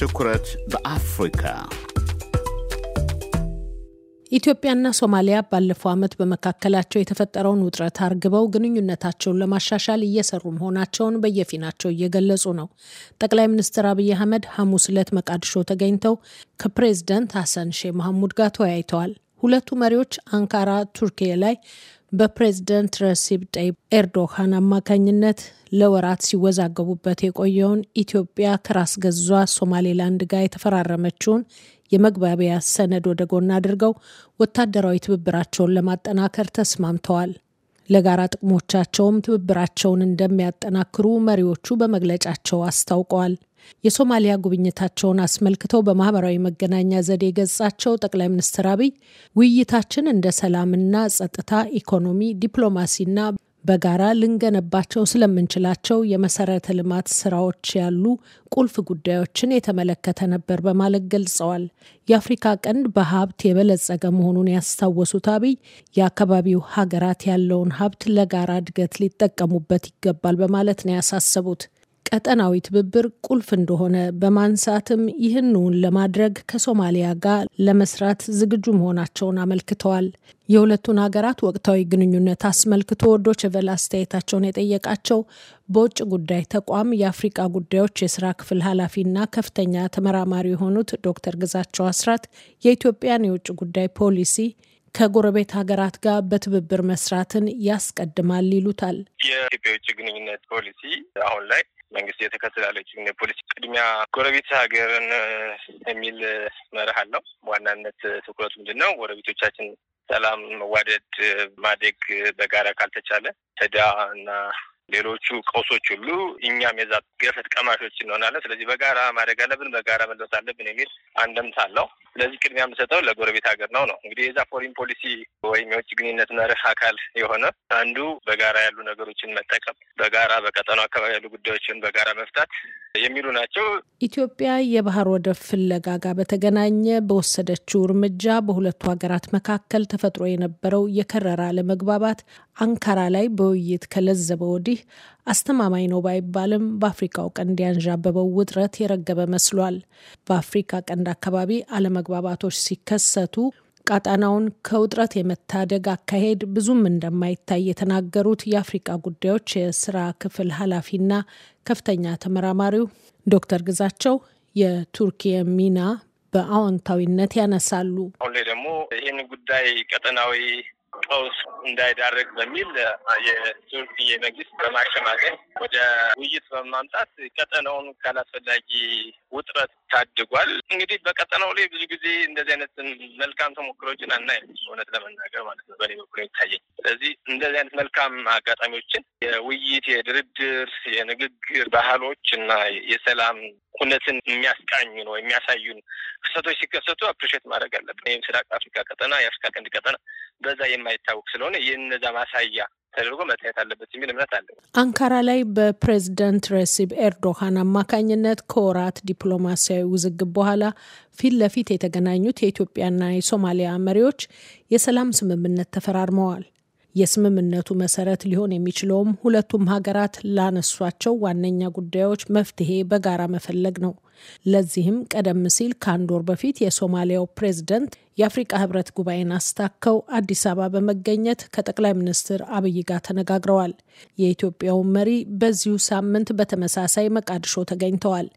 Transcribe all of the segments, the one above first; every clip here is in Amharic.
ትኩረት በአፍሪካ ኢትዮጵያና ሶማሊያ ባለፈው ዓመት በመካከላቸው የተፈጠረውን ውጥረት አርግበው ግንኙነታቸውን ለማሻሻል እየሰሩ መሆናቸውን በየፊናቸው እየገለጹ ነው። ጠቅላይ ሚኒስትር አብይ አህመድ ሐሙስ ዕለት መቃድሾ ተገኝተው ከፕሬዝደንት ሐሰን ሼህ መሐሙድ ጋር ተወያይተዋል። ሁለቱ መሪዎች አንካራ ቱርኪዬ ላይ በፕሬዝደንት ረሲብ ጠይብ ኤርዶሃን አማካኝነት ለወራት ሲወዛገቡበት የቆየውን ኢትዮጵያ ከራስ ገዟ ሶማሌላንድ ጋር የተፈራረመችውን የመግባቢያ ሰነድ ወደ ጎን አድርገው ወታደራዊ ትብብራቸውን ለማጠናከር ተስማምተዋል። ለጋራ ጥቅሞቻቸውም ትብብራቸውን እንደሚያጠናክሩ መሪዎቹ በመግለጫቸው አስታውቀዋል። የሶማሊያ ጉብኝታቸውን አስመልክተው በማህበራዊ መገናኛ ዘዴ ገጻቸው ጠቅላይ ሚኒስትር አብይ ውይይታችን እንደ ሰላምና ጸጥታ፣ ኢኮኖሚ፣ ዲፕሎማሲና በጋራ ልንገነባቸው ስለምንችላቸው የመሰረተ ልማት ስራዎች ያሉ ቁልፍ ጉዳዮችን የተመለከተ ነበር በማለት ገልጸዋል። የአፍሪካ ቀንድ በሀብት የበለጸገ መሆኑን ያስታወሱት አብይ የአካባቢው ሀገራት ያለውን ሀብት ለጋራ እድገት ሊጠቀሙበት ይገባል በማለት ነው ያሳሰቡት። ቀጠናዊ ትብብር ቁልፍ እንደሆነ በማንሳትም ይህንውን ለማድረግ ከሶማሊያ ጋር ለመስራት ዝግጁ መሆናቸውን አመልክተዋል። የሁለቱን ሀገራት ወቅታዊ ግንኙነት አስመልክቶ ዶችቨል አስተያየታቸውን የጠየቃቸው በውጭ ጉዳይ ተቋም የአፍሪቃ ጉዳዮች የስራ ክፍል ኃላፊና ከፍተኛ ተመራማሪ የሆኑት ዶክተር ግዛቸው አስራት የኢትዮጵያን የውጭ ጉዳይ ፖሊሲ ከጎረቤት ሀገራት ጋር በትብብር መስራትን ያስቀድማል ይሉታል። የኢትዮጵያ የውጭ ግንኙነት ፖሊሲ አሁን ላይ መንግስት የተከትላለች ፖሊሲ ቅድሚያ ጎረቤት ሀገርን የሚል መርህ አለው። ዋናነት ትኩረቱ ምንድን ነው? ጎረቤቶቻችን ሰላም፣ መዋደድ፣ ማደግ በጋራ ካልተቻለ ተዳ። እና ሌሎቹ ቀውሶች ሁሉ እኛም የዛ ገፈት ቀማሾች እንሆናለን። ስለዚህ በጋራ ማደግ አለብን፣ በጋራ መለወጥ አለብን የሚል አንደምታ አለው። ስለዚህ ቅድሚያ የምሰጠው ለጎረቤት ሀገር ነው ነው እንግዲህ የዛ ፎሪን ፖሊሲ ወይም የውጭ ግንኙነት መርህ አካል የሆነ አንዱ በጋራ ያሉ ነገሮችን መጠቀም፣ በጋራ በቀጠናው አካባቢ ያሉ ጉዳዮችን በጋራ መፍታት የሚሉ ናቸው። ኢትዮጵያ የባህር ወደብ ፍለጋ ጋር በተገናኘ በወሰደችው እርምጃ በሁለቱ ሀገራት መካከል ተፈጥሮ የነበረው የከረረ አለመግባባት አንካራ ላይ በውይይት ከለዘበ ወዲህ አስተማማኝ ነው ባይባልም በአፍሪካው ቀንድ ያንዣበበው ውጥረት የረገበ መስሏል። በአፍሪካ ቀንድ አካባቢ አለመግባባቶች ሲከሰቱ ቃጣናውን ከውጥረት የመታደግ አካሄድ ብዙም እንደማይታይ የተናገሩት የአፍሪካ ጉዳዮች የስራ ክፍል ኃላፊና ከፍተኛ ተመራማሪው ዶክተር ግዛቸው የቱርኪ ሚና በአዎንታዊነት ያነሳሉ። አሁን ላይ ደግሞ ይህን ጉዳይ ቀጠናዊ ቀውስ እንዳይዳረግ በሚል የቱርክ መንግስት በማሸማገል ወደ ውይይት በማምጣት ቀጠናውን ካላስፈላጊ ውጥረት ታድጓል። እንግዲህ በቀጠናው ላይ ብዙ ጊዜ እንደዚህ አይነት መልካም ተሞክሮችን አናይ እውነት ለመናገር ማለት ነው። በእኔ በኩል ይታየኝ። ስለዚህ እንደዚህ አይነት መልካም አጋጣሚዎችን የውይይት የድርድር፣ የንግግር ባህሎች እና የሰላም እውነትን የሚያስቃኙ ነው የሚያሳዩን ክስተቶች ሲከሰቱ አፕሪሼት ማድረግ አለብን። የምስራቅ አፍሪካ ቀጠና፣ የአፍሪካ ቀንድ ቀጠና በዛ የማይታወቅ ስለሆነ የእነዛ ማሳያ ተደርጎ መታየት አለበት የሚል እምነት አለ። አንካራ ላይ በፕሬዝደንት ረሲብ ኤርዶሃን አማካኝነት ከወራት ዲፕሎማሲያዊ ውዝግብ በኋላ ፊት ለፊት የተገናኙት የኢትዮጵያና የሶማሊያ መሪዎች የሰላም ስምምነት ተፈራርመዋል። የስምምነቱ መሰረት ሊሆን የሚችለውም ሁለቱም ሀገራት ላነሷቸው ዋነኛ ጉዳዮች መፍትሄ በጋራ መፈለግ ነው። ለዚህም ቀደም ሲል ከአንድ ወር በፊት የሶማሊያው ፕሬዝደንት የአፍሪቃ ህብረት ጉባኤን አስታከው አዲስ አበባ በመገኘት ከጠቅላይ ሚኒስትር አብይ ጋር ተነጋግረዋል። የኢትዮጵያው መሪ በዚሁ ሳምንት በተመሳሳይ መቃድሾ ተገኝተዋል።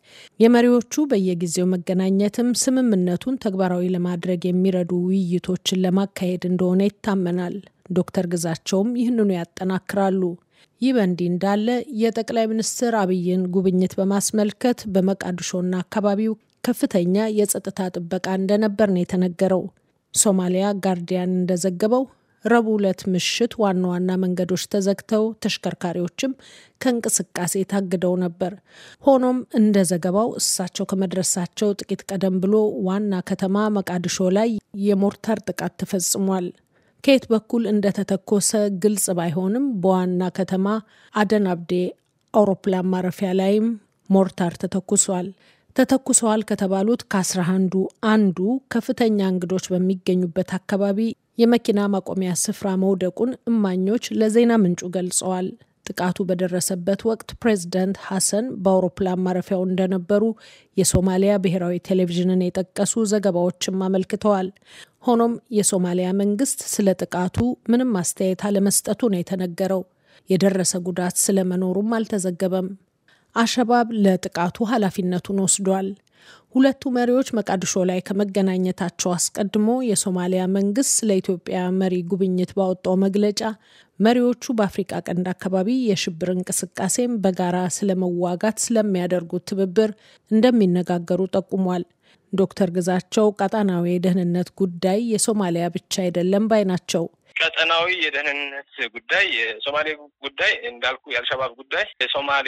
የመሪዎቹ በየጊዜው መገናኘትም ስምምነቱን ተግባራዊ ለማድረግ የሚረዱ ውይይቶችን ለማካሄድ እንደሆነ ይታመናል። ዶክተር ግዛቸውም ይህንኑ ያጠናክራሉ። ይህ በእንዲህ እንዳለ የጠቅላይ ሚኒስትር አብይን ጉብኝት በማስመልከት በመቃድሾና አካባቢው ከፍተኛ የጸጥታ ጥበቃ እንደነበር ነው የተነገረው። ሶማሊያ ጋርዲያን እንደዘገበው ረቡዕ ዕለት ምሽት ዋና ዋና መንገዶች ተዘግተው ተሽከርካሪዎችም ከእንቅስቃሴ ታግደው ነበር። ሆኖም እንደ ዘገባው እሳቸው ከመድረሳቸው ጥቂት ቀደም ብሎ ዋና ከተማ መቃድሾ ላይ የሞርታር ጥቃት ተፈጽሟል። ከየት በኩል እንደተተኮሰ ግልጽ ባይሆንም በዋና ከተማ አደን አብዴ አውሮፕላን ማረፊያ ላይም ሞርታር ተተኩሷል። ተተኩሰዋል ከተባሉት ከአስራ አንዱ አንዱ ከፍተኛ እንግዶች በሚገኙበት አካባቢ የመኪና ማቆሚያ ስፍራ መውደቁን እማኞች ለዜና ምንጩ ገልጸዋል። ጥቃቱ በደረሰበት ወቅት ፕሬዝዳንት ሐሰን በአውሮፕላን ማረፊያው እንደነበሩ የሶማሊያ ብሔራዊ ቴሌቪዥንን የጠቀሱ ዘገባዎችም አመልክተዋል። ሆኖም የሶማሊያ መንግስት ስለ ጥቃቱ ምንም አስተያየት አለመስጠቱ ነው የተነገረው። የደረሰ ጉዳት ስለመኖሩም አልተዘገበም። አሸባብ ለጥቃቱ ኃላፊነቱን ወስዷል። ሁለቱ መሪዎች መቃድሾ ላይ ከመገናኘታቸው አስቀድሞ የሶማሊያ መንግስት ስለ ኢትዮጵያ መሪ ጉብኝት ባወጣው መግለጫ መሪዎቹ በአፍሪቃ ቀንድ አካባቢ የሽብር እንቅስቃሴም በጋራ ስለመዋጋት ስለሚያደርጉት ትብብር እንደሚነጋገሩ ጠቁሟል። ዶክተር ግዛቸው ቀጠናዊ የደህንነት ጉዳይ የሶማሊያ ብቻ አይደለም ባይ ናቸው። ቀጠናዊ የደህንነት ጉዳይ የሶማሌ ጉዳይ እንዳልኩ የአልሸባብ ጉዳይ የሶማሌ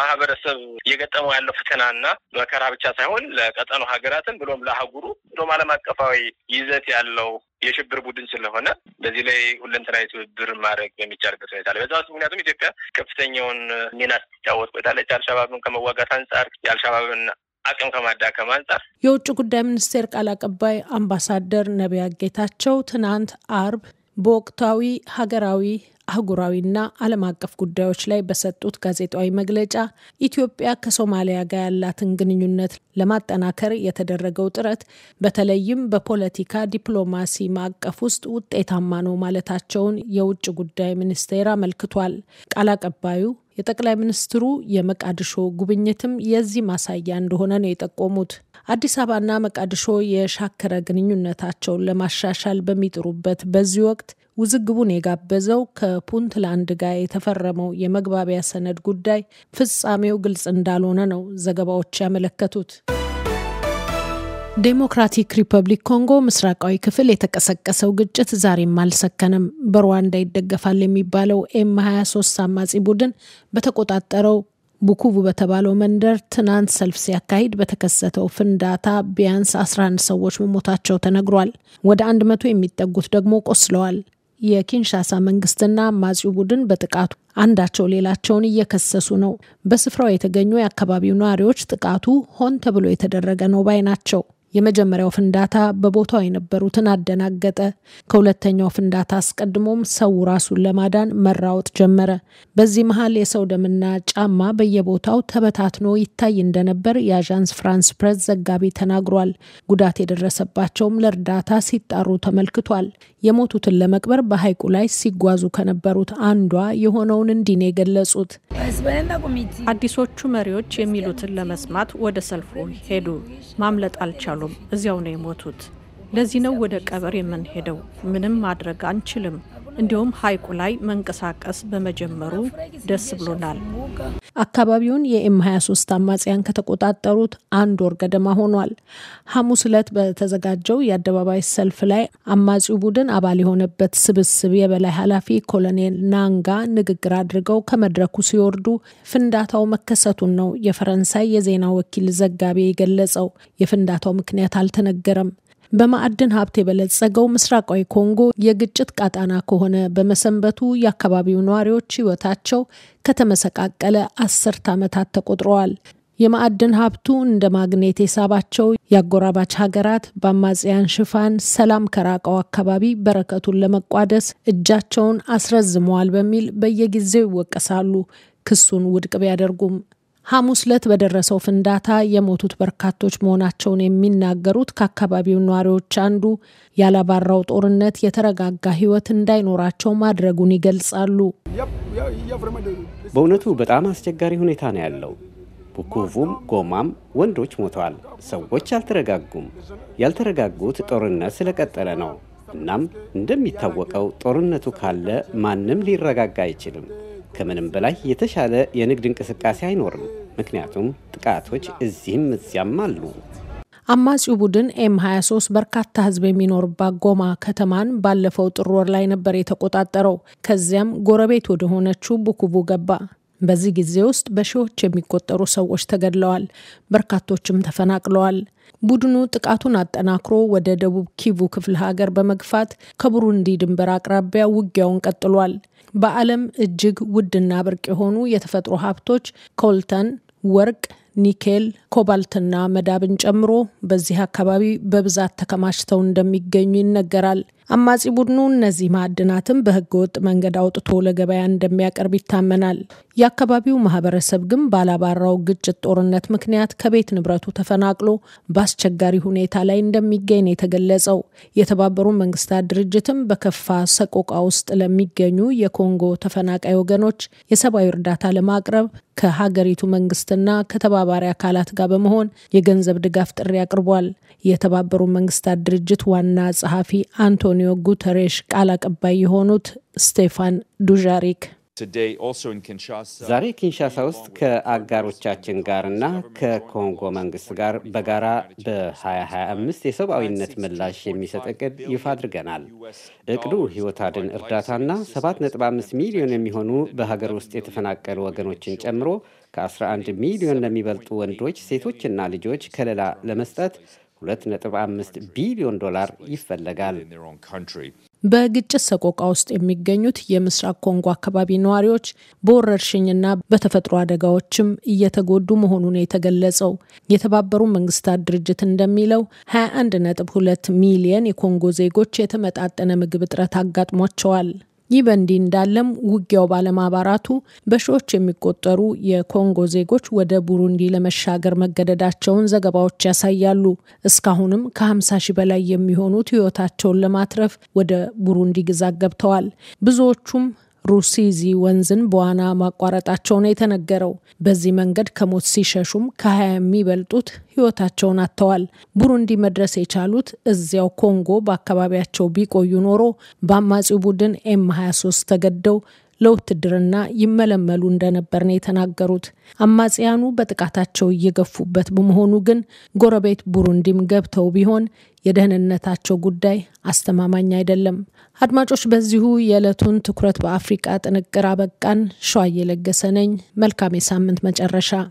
ማህበረሰብ እየገጠመው ያለው ፈተናና መከራ ብቻ ሳይሆን ለቀጠኑ ሀገራትም ብሎም ለአህጉሩ ብሎም ዓለም አቀፋዊ ይዘት ያለው የሽብር ቡድን ስለሆነ በዚህ ላይ ሁለንተናዊ ትብብር ማድረግ በሚቻልበት ሁኔታ ላይ በዛ ውስጥ ምክንያቱም ኢትዮጵያ ከፍተኛውን ሚና ስትጫወት ቆይታለች። አልሸባብን ከመዋጋት አንጻር የአልሸባብን አቅም ከማዳከም አንጻር የውጭ ጉዳይ ሚኒስቴር ቃል አቀባይ አምባሳደር ነቢያት ጌታቸው ትናንት አርብ በወቅታዊ ሀገራዊ አህጉራዊና ዓለም አቀፍ ጉዳዮች ላይ በሰጡት ጋዜጣዊ መግለጫ ኢትዮጵያ ከሶማሊያ ጋር ያላትን ግንኙነት ለማጠናከር የተደረገው ጥረት በተለይም በፖለቲካ ዲፕሎማሲ ማዕቀፍ ውስጥ ውጤታማ ነው ማለታቸውን የውጭ ጉዳይ ሚኒስቴር አመልክቷል። ቃል አቀባዩ የጠቅላይ ሚኒስትሩ የመቃድሾ ጉብኝትም የዚህ ማሳያ እንደሆነ ነው የጠቆሙት። አዲስ አበባና መቃድሾ የሻከረ ግንኙነታቸውን ለማሻሻል በሚጥሩበት በዚህ ወቅት ውዝግቡን የጋበዘው ከፑንትላንድ ጋር የተፈረመው የመግባቢያ ሰነድ ጉዳይ ፍጻሜው ግልጽ እንዳልሆነ ነው ዘገባዎች ያመለከቱት። ዴሞክራቲክ ሪፐብሊክ ኮንጎ ምስራቃዊ ክፍል የተቀሰቀሰው ግጭት ዛሬም አልሰከንም። በሩዋንዳ ይደገፋል የሚባለው ኤም 23 አማጺ ቡድን በተቆጣጠረው ቡኩቡ በተባለው መንደር ትናንት ሰልፍ ሲያካሂድ በተከሰተው ፍንዳታ ቢያንስ 11 ሰዎች መሞታቸው ተነግሯል። ወደ አንድ መቶ የሚጠጉት ደግሞ ቆስለዋል። የኪንሻሳ መንግስትና አማጺው ቡድን በጥቃቱ አንዳቸው ሌላቸውን እየከሰሱ ነው። በስፍራው የተገኙ የአካባቢው ነዋሪዎች ጥቃቱ ሆን ተብሎ የተደረገ ነው ባይ ናቸው። የመጀመሪያው ፍንዳታ በቦታው የነበሩትን አደናገጠ። ከሁለተኛው ፍንዳታ አስቀድሞም ሰው ራሱን ለማዳን መራወጥ ጀመረ። በዚህ መሀል የሰው ደምና ጫማ በየቦታው ተበታትኖ ይታይ እንደነበር የአዣንስ ፍራንስ ፕሬስ ዘጋቢ ተናግሯል። ጉዳት የደረሰባቸውም ለእርዳታ ሲጣሩ ተመልክቷል። የሞቱትን ለመቅበር በሐይቁ ላይ ሲጓዙ ከነበሩት አንዷ የሆነውን እንዲን የገለጹት። አዲሶቹ መሪዎች የሚሉትን ለመስማት ወደ ሰልፉ ሄዱ። ማምለጥ አልቻሉ አልቻሉም። እዚያው ነው የሞቱት። ለዚህ ነው ወደ ቀበር የምንሄደው። ምንም ማድረግ አንችልም። እንዲሁም ሐይቁ ላይ መንቀሳቀስ በመጀመሩ ደስ ብሎናል። አካባቢውን የኤም 23 አማጽያን ከተቆጣጠሩት አንድ ወር ገደማ ሆኗል። ሐሙስ ዕለት በተዘጋጀው የአደባባይ ሰልፍ ላይ አማጺው ቡድን አባል የሆነበት ስብስብ የበላይ ኃላፊ ኮሎኔል ናንጋ ንግግር አድርገው ከመድረኩ ሲወርዱ ፍንዳታው መከሰቱን ነው የፈረንሳይ የዜና ወኪል ዘጋቢ የገለጸው። የፍንዳታው ምክንያት አልተነገረም። በማዕድን ሀብት የበለጸገው ምስራቃዊ ኮንጎ የግጭት ቃጣና ከሆነ በመሰንበቱ የአካባቢው ነዋሪዎች ሕይወታቸው ከተመሰቃቀለ አስርት ዓመታት ተቆጥረዋል። የማዕድን ሀብቱ እንደ ማግኔት የሳባቸው የአጎራባች ሀገራት በአማጽያን ሽፋን ሰላም ከራቀው አካባቢ በረከቱን ለመቋደስ እጃቸውን አስረዝመዋል በሚል በየጊዜው ይወቀሳሉ ክሱን ውድቅ ቢያደርጉም ሐሙስ ዕለት በደረሰው ፍንዳታ የሞቱት በርካቶች መሆናቸውን የሚናገሩት ከአካባቢው ነዋሪዎች አንዱ ያላባራው ጦርነት የተረጋጋ ሕይወት እንዳይኖራቸው ማድረጉን ይገልጻሉ። በእውነቱ በጣም አስቸጋሪ ሁኔታ ነው ያለው። ቡኩቡም ጎማም ወንዶች ሞተዋል። ሰዎች አልተረጋጉም። ያልተረጋጉት ጦርነት ስለቀጠለ ነው። እናም እንደሚታወቀው ጦርነቱ ካለ ማንም ሊረጋጋ አይችልም። ከምንም በላይ የተሻለ የንግድ እንቅስቃሴ አይኖርም። ምክንያቱም ጥቃቶች እዚህም እዚያም አሉ። አማጺው ቡድን ኤም 23 በርካታ ህዝብ የሚኖርባት ጎማ ከተማን ባለፈው ጥር ወር ላይ ነበር የተቆጣጠረው። ከዚያም ጎረቤት ወደሆነችው ቡኩቡ ገባ። በዚህ ጊዜ ውስጥ በሺዎች የሚቆጠሩ ሰዎች ተገድለዋል፣ በርካቶችም ተፈናቅለዋል። ቡድኑ ጥቃቱን አጠናክሮ ወደ ደቡብ ኪቩ ክፍለ ሀገር በመግፋት ከቡሩንዲ ድንበር አቅራቢያ ውጊያውን ቀጥሏል። በዓለም እጅግ ውድና ብርቅ የሆኑ የተፈጥሮ ሀብቶች ኮልተን፣ ወርቅ፣ ኒኬል፣ ኮባልትና መዳብን ጨምሮ በዚህ አካባቢ በብዛት ተከማችተው እንደሚገኙ ይነገራል። አማጺ ቡድኑ እነዚህ ማዕድናትን በህገወጥ መንገድ አውጥቶ ለገበያ እንደሚያቀርብ ይታመናል። የአካባቢው ማህበረሰብ ግን ባላባራው ግጭት ጦርነት ምክንያት ከቤት ንብረቱ ተፈናቅሎ በአስቸጋሪ ሁኔታ ላይ እንደሚገኝ ነው የተገለጸው። የተባበሩ መንግስታት ድርጅትም በከፋ ሰቆቃ ውስጥ ለሚገኙ የኮንጎ ተፈናቃይ ወገኖች የሰብአዊ እርዳታ ለማቅረብ ከሀገሪቱ መንግስትና ከተባባሪ አካላት ጋር በመሆን የገንዘብ ድጋፍ ጥሪ አቅርቧል። የተባበሩ መንግስታት ድርጅት ዋና ጸሐፊ አንቶኒ አንቶኒዮ ጉተሬሽ ቃል አቀባይ የሆኑት ስቴፋን ዱዣሪክ ዛሬ ኪንሻሳ ውስጥ ከአጋሮቻችን ጋርና ከኮንጎ መንግስት ጋር በጋራ በ2025 የሰብአዊነት ምላሽ የሚሰጥ እቅድ ይፋ አድርገናል። እቅዱ ህይወት አድን እርዳታና 7.5 ሚሊዮን የሚሆኑ በሀገር ውስጥ የተፈናቀሉ ወገኖችን ጨምሮ ከ11 ሚሊዮን ለሚበልጡ ወንዶች ሴቶችና ልጆች ከለላ ለመስጠት 2.5 ቢሊዮን ዶላር ይፈለጋል። በግጭት ሰቆቃ ውስጥ የሚገኙት የምስራቅ ኮንጎ አካባቢ ነዋሪዎች በወረርሽኝና በተፈጥሮ አደጋዎችም እየተጎዱ መሆኑን የተገለጸው የተባበሩ መንግስታት ድርጅት እንደሚለው 21.2 ሚሊየን የኮንጎ ዜጎች የተመጣጠነ ምግብ እጥረት አጋጥሟቸዋል። ይህ በእንዲህ እንዳለም ውጊያው ባለማባራቱ በሺዎች የሚቆጠሩ የኮንጎ ዜጎች ወደ ቡሩንዲ ለመሻገር መገደዳቸውን ዘገባዎች ያሳያሉ። እስካሁንም ከ50 ሺህ በላይ የሚሆኑት ሕይወታቸውን ለማትረፍ ወደ ቡሩንዲ ግዛት ገብተዋል። ብዙዎቹም ሩሲዚ ወንዝን በዋና ማቋረጣቸው ነው የተነገረው። በዚህ መንገድ ከሞት ሲሸሹም ከሀያ የሚበልጡት ህይወታቸውን አጥተዋል። ቡሩንዲ መድረስ የቻሉት እዚያው ኮንጎ በአካባቢያቸው ቢቆዩ ኖሮ በአማጺው ቡድን ኤም 23 ተገደው ለውትድርና ይመለመሉ እንደነበር ነው የተናገሩት። አማጽያኑ በጥቃታቸው እየገፉበት በመሆኑ ግን ጎረቤት ቡሩንዲም ገብተው ቢሆን የደህንነታቸው ጉዳይ አስተማማኝ አይደለም። አድማጮች፣ በዚሁ የዕለቱን ትኩረት በአፍሪቃ ጥንቅር አበቃን። ሸዋ እየለገሰ ነኝ። መልካም የሳምንት መጨረሻ